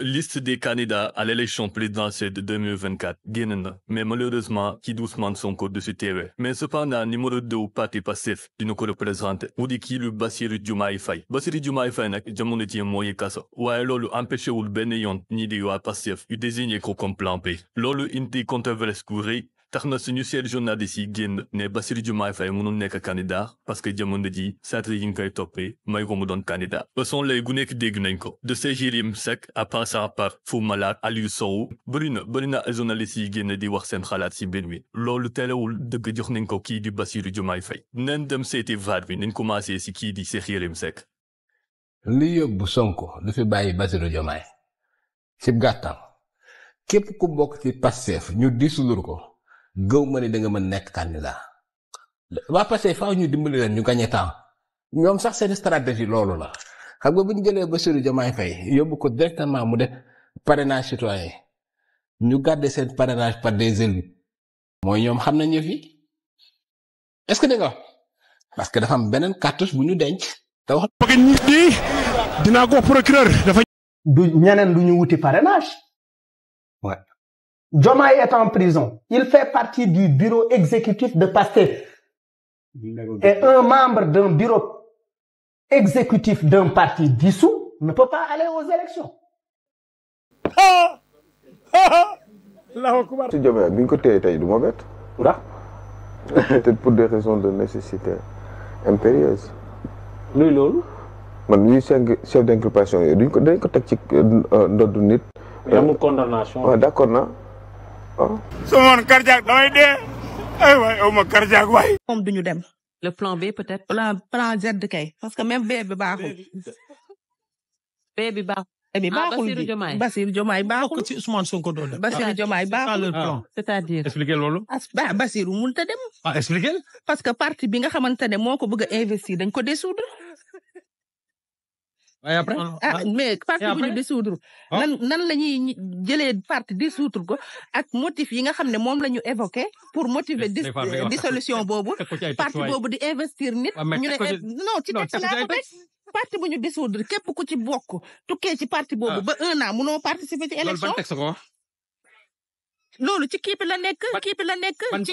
liste des candidats à l'élection présidentielle de 2024 Guénin, mais malheureusement doucement sont son de ce teewe mais cependant numéro deux parti et passif nous représenté le le du du Bassirou bassier du Bassirou n'a jamais été un moyen mooy Ou alors loolu empêché ou le yoon ni di passif Il désigne désigne comme plan B Lors indi controverse courrie tax na suñu seet journaliste yi génn ne Bassirou Diomaye Faye mënul nekk candidat parce que jamono ji saatre yi nga koy toppee may ko mu doon candidat son lay gu nekk dégg nañ ko de Yérim Seck à passer par Fou Malade Aliou Sow bëri na bëri na journaliste yi génn di wax seen xalaat si biir wi loolu teelewul dëgg jox nañ ko kii di Bassirou Diomaye fay neen dem seeti vaar bi nañ commencé si kii di Cheikh Yérim Seck li yóbbu Sonko du fi bàyyi Bassirou Diomaye ci gàttal képp ku bokk ci Pastef ñu disulur ko gëw ma ni da nga mën nekk candidat waa passé faaw ñu dimbali leen ñu gagné temps ñoom sax seen stratégie loolu la xam nga bu ñu jëlee ba Bassirou Diomaye kan Faye yóbbu ko directement mu def parrainage citoyen ñu garder seen parrainage par des élus mooy ñoom xam nañu fi est ce que dégg parce que dafa am beneen cartouche bu ñu denc te wax ba nit di dinaa ko procureur dafa du ñeneen du ñu wuti parrainage ouais Joma est en prison. Il fait partie du bureau exécutif de Pasteur. Et un membre d'un bureau exécutif d'un parti dissous ne peut pas aller aux élections. ah ah ah. peut-être pour des raisons de nécessité impérieuse. Lui loolu. man lui, chef d'inculpation Il ko dañ ko euh, condamnation. d'accord non sama man cardiaque damay dee ay waay aw ma cardiaque waay moom duñu dem le plan B peut-être la plan Z kay parce que même B bi baaxul B bi ah, baaxul bi baaxul bi Bassirou Diomaye baaxul ci Ousmane Sonko doon def Bassirou ah, Diomaye baaxul ah, c'est-à-dire expliquer loolu ba Bassirou mënut a dem ah expliquer parce que parti bi nga xamante ne moo ko bëgg a investir dañ ko dissoudre ay ah mais parti bu ñu dissoudre ah. nan nan la ñuy jëlee parti dissoudre ko ak motif yi nga xam ne moom la ñu évoqué pour motiver dissolution boobu parti boobu di investir nit ah, ñu ne eh, non ci texte laa ko teg parti bu ñu dissoudre képp ku ci bokk tukkee ci parti ah. boobu ba un an munoo participer ci élection loolu ci kii la nekk kii bi la nekk ci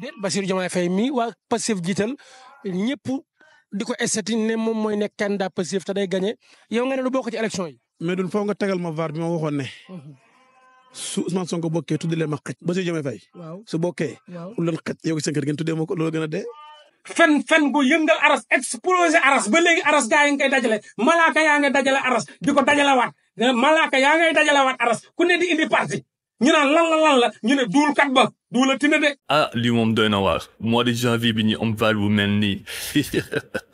déet Bassirou Diomaye Faye mi waa Pastef jiital ñëpp di ko estati ne moom mooy nekk candidat Pastef te day gagné yow nga ne bokk ci yi. mais dun foo nga tegal ma vaar bi ma ne. su Ousmane Sonko bokkee tuddee leen ma xaj Bassirou Diomaye Faye. waaw su bokkee. waaw lan xaj yow seen kër ngeen tuddee gën a dee. fen fen bu yëngal aras explosé aras ba léegi aras gaa yi nga koy dajale malaaka yaa ngay dajale aras di ko dajalewaat malaaka yaa ngay dajalewaat aras ku ne di parti ñu naan la la ñu ne duul kat ba duula tina de ah li moom doy na waar mois de janvier bi ñu am vaal bu mel nii